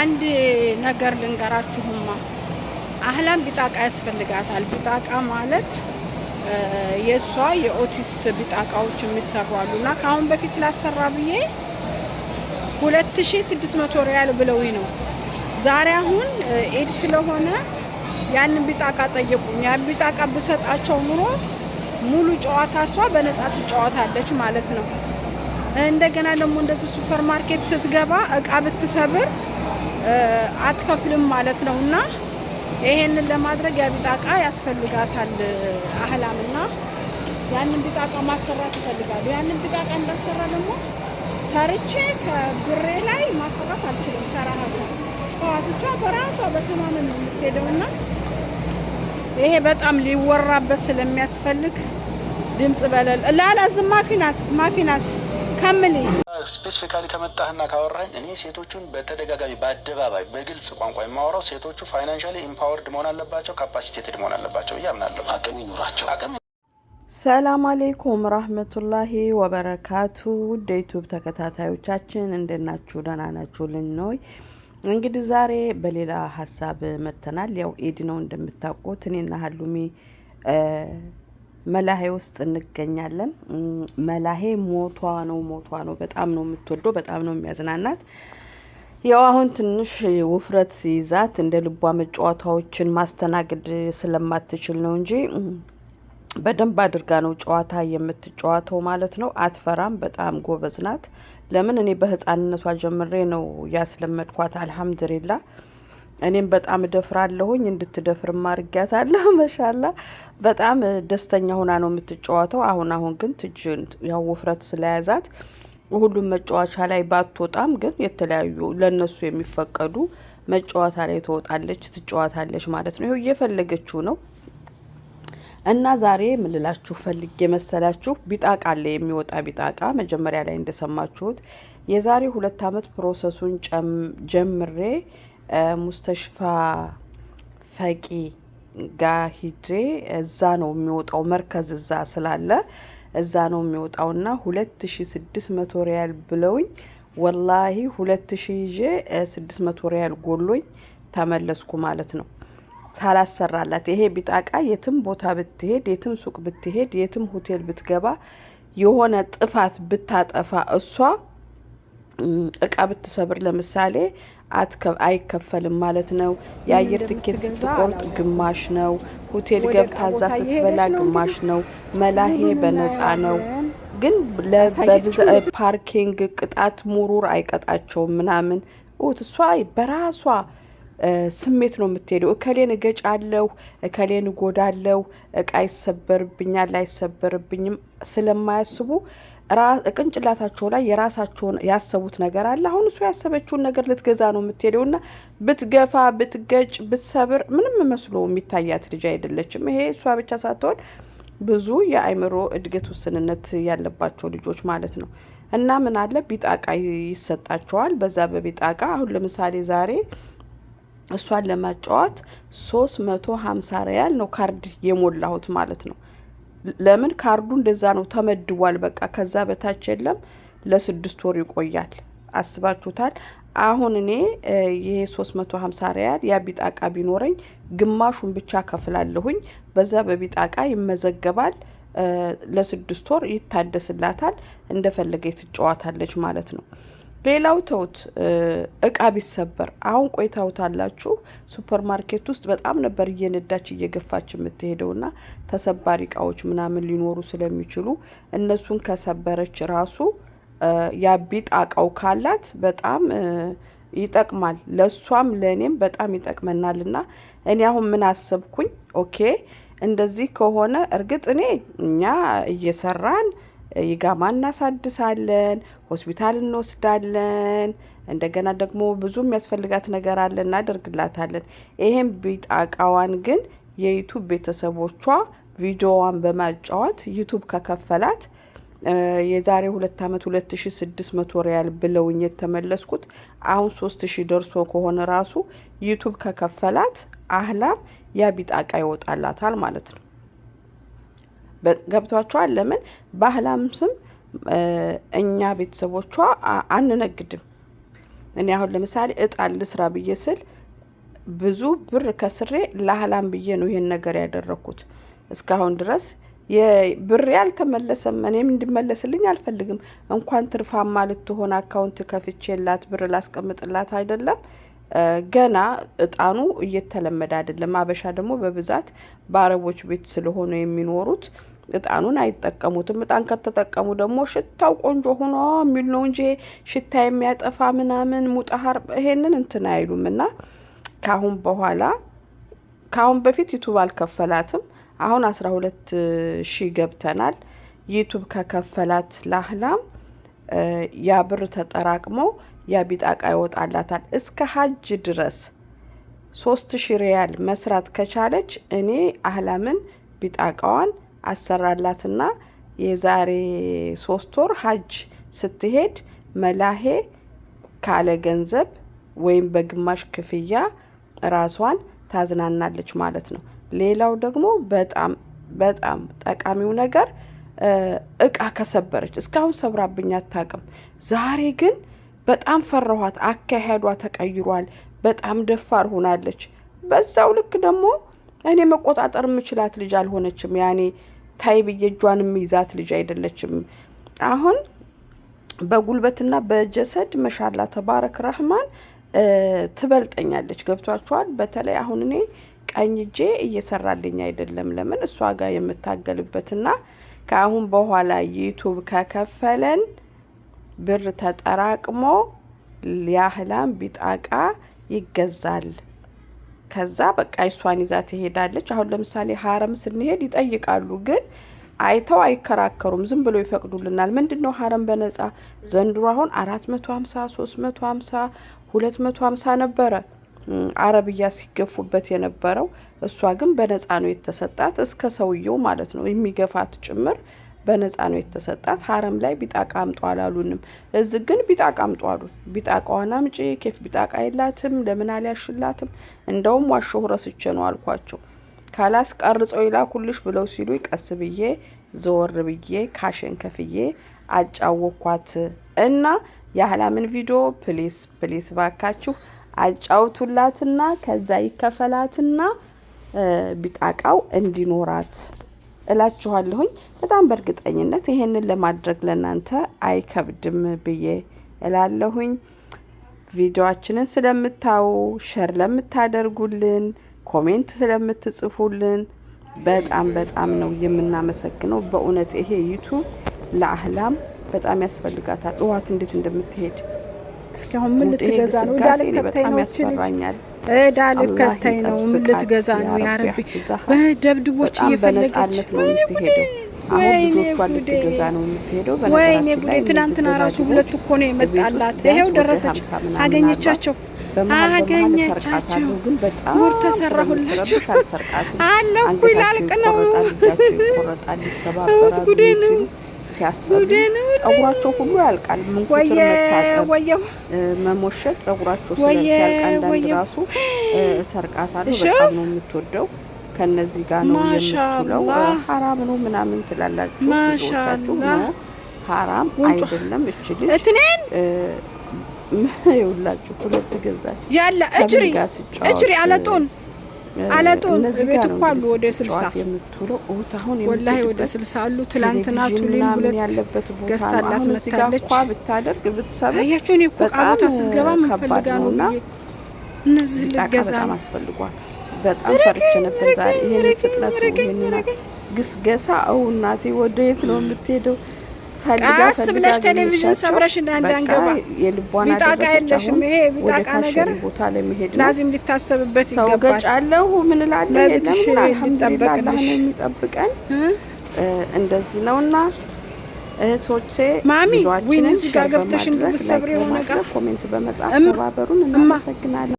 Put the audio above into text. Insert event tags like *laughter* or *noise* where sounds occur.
አንድ ነገር ልንገራችሁማ፣ አህላም ቢጣቃ ያስፈልጋታል። ቢጣቃ ማለት የእሷ የኦቲስት ቢጣቃዎች የሚሰሩ አሉ እና ከአሁን በፊት ላሰራ ብዬ ሁለት ሺ ስድስት መቶ ሪያል ብለው ነው። ዛሬ አሁን ኤድ ስለሆነ ያንን ቢጣቃ ጠየቁኝ። ያን ቢጣቃ ብሰጣቸው ኑሮ ሙሉ ጨዋታ እሷ በነጻ ትጫወታለች ማለት ነው። እንደገና ደግሞ እንደዚህ ሱፐር ማርኬት ስትገባ እቃ ብትሰብር አትከፍልም ማለት ነው እና ይሄንን ለማድረግ ያ ቢጣቃ ያስፈልጋታል አህላምና ያንን ቢጣቃ ማሰራት ይፈልጋሉ። ያንን ቢጣቃ እንዳሰራ ደግሞ ሰርቼ ከብሬ ላይ ማሰራት አልችልም። ሰራሃታ ጠዋት እሷ በራሷ በተማመን ነው የምትሄደው የምትሄደውና ይሄ በጣም ሊወራበት ስለሚያስፈልግ ድምፅ በለል ላላ ማፊናስ ማፊናስ ከምል ስፔሲፊካሊ ከመጣህና ካወራኝ እኔ ሴቶቹን በተደጋጋሚ በአደባባይ በግልጽ ቋንቋ የማወራው ሴቶቹ ፋይናንሻሊ ኢምፓወርድ መሆን አለባቸው፣ ካፓሲቴትድ መሆን አለባቸው እያምናለሁ። አቅም ይኑራቸው። ሰላም አሌይኩም ራህመቱላሂ ወበረካቱ። ውድ ዩቱብ ተከታታዮቻችን እንደናችሁ ደህና ናችሁ? ልንኖይ እንግዲህ ዛሬ በሌላ ሀሳብ መጥተናል። ያው ኢድ ነው እንደምታውቁት እኔና ሀሉሚ መላሄ ውስጥ እንገኛለን። መላሄ ሞቷ ነው ሞቷ ነው። በጣም ነው የምትወልደው፣ በጣም ነው የሚያዝናናት። ያው አሁን ትንሽ ውፍረት ሲይዛት እንደ ልቧ መጫወታዎችን ማስተናገድ ስለማትችል ነው እንጂ በደንብ አድርጋ ነው ጨዋታ የምትጫዋተው ማለት ነው። አትፈራም። በጣም ጎበዝ ናት። ለምን እኔ በህፃንነቷ ጀምሬ ነው ያስለመድኳት። አልሐምድሪላ እኔም በጣም እደፍራለሁኝ እንድትደፍር ማርጊያት አለሁ መሻላ *laughs* በጣም ደስተኛ ሆና ነው የምትጫወተው። አሁን አሁን ግን ትጅን ያው ውፍረት ስለያዛት ሁሉም መጫወቻ ላይ ባትወጣም ግን የተለያዩ ለእነሱ የሚፈቀዱ መጫወታ ላይ ትወጣለች፣ ትጫወታለች ማለት ነው። ይኸው እየፈለገችው ነው። እና ዛሬ የምልላችሁ ፈልጌ የመሰላችሁ ቢጣቃ አለ የሚወጣ ቢጣቃ። መጀመሪያ ላይ እንደሰማችሁት የዛሬ ሁለት ዓመት ፕሮሰሱን ጀምሬ ሙስተሽፋ ፈቂ ጋር ሂጄ እዛ ነው የሚወጣው መርከዝ እዛ ስላለ እዛ ነው ና ሁለት ሺ ስድስት መቶ ሪያል ብለውኝ ወላሂ ሁለት ሺ ይዤ ስድስት መቶ ሪያል ጎሎኝ ተመለስኩ ማለት ነው። ሳላሰራላት ይሄ ቢጣቃ የትም ቦታ ብትሄድ፣ የትም ሱቅ ብትሄድ፣ የትም ሆቴል ብትገባ፣ የሆነ ጥፋት ብታጠፋ እሷ እቃ ብትሰብር ለምሳሌ አይከፈልም ማለት ነው። የአየር ትኬት ስትቆርጥ ግማሽ ነው። ሆቴል ገብታ እዛ ስትበላ ግማሽ ነው። መላሄ በነፃ ነው። ግን ፓርኪንግ ቅጣት ሙሩር አይቀጣቸውም ምናምን እሷ በራሷ ስሜት ነው የምትሄደው። እከሌን እገጫለሁ፣ እከሌን እጎዳለሁ፣ እቃ ይሰበርብኛል አይሰበርብኝም ስለማያስቡ ቅንጭላታቸው ላይ የራሳቸውን ያሰቡት ነገር አለ። አሁን እሱ ያሰበችውን ነገር ልትገዛ ነው የምትሄደውና ብትገፋ፣ ብትገጭ፣ ብትሰብር ምንም መስሎ የሚታያት ልጅ አይደለችም። ይሄ እሷ ብቻ ሳትሆን ብዙ የአእምሮ እድገት ውስንነት ያለባቸው ልጆች ማለት ነው። እና ምን አለ ቢጣቃ ይሰጣቸዋል። በዛ በቢጣቃ አሁን ለምሳሌ ዛሬ እሷን ለማጫወት ሶስት መቶ ሀምሳ ሪያል ነው ካርድ የሞላሁት ማለት ነው። ለምን ካርዱ እንደዛ ነው ተመድቧል። በቃ ከዛ በታች የለም። ለስድስት ወር ይቆያል። አስባችሁታል። አሁን እኔ ይሄ 350 ሪያል ያ ቢጣቃ ቢኖረኝ ግማሹን ብቻ ከፍላለሁኝ። በዛ በቢጣቃ ይመዘገባል። ለስድስት ወር ይታደስላታል። እንደፈለገ ትጫዋታለች ማለት ነው። ሌላው ተውት፣ እቃ ቢሰበር አሁን ቆይ ታውታላችሁ። ሱፐር ማርኬት ውስጥ በጣም ነበር እየነዳች እየገፋች የምትሄደው ና ተሰባሪ እቃዎች ምናምን ሊኖሩ ስለሚችሉ እነሱን ከሰበረች ራሱ ያቢጥ እቃው ካላት በጣም ይጠቅማል። ለእሷም ለእኔም በጣም ይጠቅመናል። እና እኔ አሁን ምን አሰብኩኝ? ኦኬ እንደዚህ ከሆነ እርግጥ እኔ እኛ እየሰራን ይጋማ እናሳድሳለን፣ ሆስፒታል እንወስዳለን። እንደገና ደግሞ ብዙ የሚያስፈልጋት ነገር አለ እናደርግላታለን። ይሄን ቢጣቃዋን ግን የዩቱብ ቤተሰቦቿ ቪዲዮዋን በማጫወት ዩቱብ ከከፈላት የዛሬ ሁለት ዓመት ሁለት ሺ ስድስት መቶ ሪያል ብለውኝ የተመለስኩት አሁን ሶስት ሺ ደርሶ ከሆነ ራሱ ዩቱብ ከከፈላት አህላም ያ ቢጣቃ ይወጣላታል ማለት ነው። ገብቷቸዋል። ለምን ባህላም ስም እኛ ቤተሰቦቿ አንነግድም። እኔ አሁን ለምሳሌ እጣን ልስራ ብዬ ስል ብዙ ብር ከስሬ ለህላም ብዬ ነው ይህን ነገር ያደረግኩት። እስካሁን ድረስ ብሬ አልተመለሰም። እኔም እንድመለስልኝ አልፈልግም። እንኳን ትርፋማ ልትሆን አካውንት ከፍቼላት ብር ላስቀምጥላት አይደለም ገና እጣኑ እየተለመደ አይደለም። አበሻ ደግሞ በብዛት በአረቦች ቤት ስለሆኑ የሚኖሩት እጣኑን አይጠቀሙትም። እጣን ከተጠቀሙ ደግሞ ሽታው ቆንጆ ሆኖ የሚል ነው እንጂ ሽታ የሚያጠፋ ምናምን ሙጣሃር ይሄንን እንትን አይሉም። እና ካሁን በኋላ ካሁን በፊት ዩቱብ አልከፈላትም። አሁን አስራ ሁለት ሺህ ገብተናል። ዩቱብ ከከፈላት ላህላም ያ ብር ተጠራቅሞ ያ ቢጣቃ ይወጣላታል እስከ ሀጅ ድረስ ሶስት ሺ ሪያል መስራት ከቻለች እኔ አህላምን ቢጣቃዋን አሰራላትና የዛሬ ሶስት ወር ሀጅ ስትሄድ መላሄ ካለ ገንዘብ ወይም በግማሽ ክፍያ ራሷን ታዝናናለች ማለት ነው። ሌላው ደግሞ በጣም በጣም ጠቃሚው ነገር እቃ ከሰበረች እስካሁን ሰብራብኝ አታውቅም። ዛሬ ግን በጣም ፈራኋት፣ አካሄዷ ተቀይሯል፣ በጣም ደፋር ሆናለች። በዛው ልክ ደግሞ እኔ መቆጣጠር የምችላት ልጅ አልሆነችም ያኔ ታይ ብዬ እጇንም ይዛት ልጅ አይደለችም። አሁን በጉልበትና በጀሰድ መሻላ ተባረክ ረህማን ትበልጠኛለች። ገብቷችኋል? በተለይ አሁን እኔ ቀኝ እጄ እየሰራልኝ አይደለም። ለምን እሷ ጋር የምታገልበትና ከአሁን በኋላ ዩቱብ ከከፈለን ብር ተጠራቅሞ ያህላም ቢጣቃ ይገዛል። ከዛ በቃ እሷን ይዛ ትሄዳለች። አሁን ለምሳሌ ሀረም ስንሄድ ይጠይቃሉ፣ ግን አይተው አይከራከሩም። ዝም ብሎ ይፈቅዱልናል። ምንድን ነው ሀረም በነጻ ዘንድሮ አሁን አራት መቶ ሀምሳ ሶስት መቶ ሀምሳ ሁለት መቶ ሀምሳ ነበረ አረብያ ሲገፉበት የነበረው እሷ ግን በነጻ ነው የተሰጣት። እስከ ሰውየው ማለት ነው የሚገፋት ጭምር በነፃ ነው የተሰጣት። ሀረም ላይ ቢጣቃ አምጧ አላሉንም። እዚ ግን ቢጣቃ አምጧ አሉን። ቢጣቃዋን አምጪ፣ ኬፍ ቢጣቃ የላትም፣ ለምን አልያሽላትም? እንደውም ዋሸሁ ረስቼ ነው አልኳቸው። ካላስ ቀርጸው ይላኩልሽ ብለው ሲሉ ቀስ ብዬ ዘወር ብዬ ካሽን ከፍዬ አጫወኳት እና የአህላምን ቪዲዮ ፕሊስ ፕሊስ ባካችሁ አጫውቱላትና ከዛ ይከፈላትና ቢጣቃው እንዲኖራት እላችኋለሁኝ። በጣም በእርግጠኝነት ይሄንን ለማድረግ ለእናንተ አይከብድም ብዬ እላለሁኝ። ቪዲዮችንን ስለምታዩ፣ ሸር ለምታደርጉልን፣ ኮሜንት ስለምትጽፉልን በጣም በጣም ነው የምናመሰግነው። በእውነት ይሄ ዩቱብ ለአህላም በጣም ያስፈልጋታል። እዋት እንዴት እንደምትሄድ እስካሁን ምን ልትገዛ ነው? በጣም ያስፈራኛል። እዳ ልከታይ ነው። ምን ልትገዛ ነው? ያረቢ በደብድቦች እየፈለገች ወይኔ ጉዴ! ትናንትና ራሱ ሁለት እኮ ነው የመጣላት። ይሄው ደረሰች፣ አገኘቻቸው አገኘቻቸው ሙር ተሰራሁላቸው አለኩ ይላልቅ ነው ጉዴ ነው። ሲያስጠሉ ጸጉራቸው ሁሉ ያልቃል። ምንቁስር መታጠብ፣ መሞሸት ጸጉራቸው ስለሚያልቅ አንዳንድ ራሱ እሰርቃታለሁ። በጣም ነው የምትወደው። ከነዚህ ጋር ነው የምትውለው። ሀራም ነው ምናምን ትላላችሁ። ማሻአላህ ሀራም አይደለም። እች እትኔን ይኸውላችሁ ሁለት ገዛች ያለ እጅሪ እጅሪ አለጡን አለጡ ቤት እኮ አሉ ወደ ስልሳ ወላሂ ወደ ስልሳ አሉ። ትላንትና ቱሊን ሁለት ገዝታላት መታለች። አያችሁ እኔ እኮ ቃቦታ ስትገባ ምንፈልጋ ነው እነዚህ ልገዛ ነው። በጣም ፈርቼ ነበር ዛሬ ይህን ፍጥነት ይህንና ግስገሳ። አዎ እናቴ ወደ የት ነው የምትሄደው? ቀስ ብለሽ ቴሌቪዥን ሰብረሽ እንዳንገባ ቢጣቃ የለሽም። ይሄ ቢጣቃ ነገር ቦታ ላዚም ሊታሰብበት ይገባል። አለሁ ምን እላለሁ። መብትሽ ሊጠበቅልሽ የሚጠብቀን እንደዚህ ነውና እህቶቼ ማሚ ዊን እዚህ ጋር ገብተሽ እንድትሰብሪ የሆነ ቃል ኮሜንት በመጻፍ ተባበሩን። እናመሰግናለን።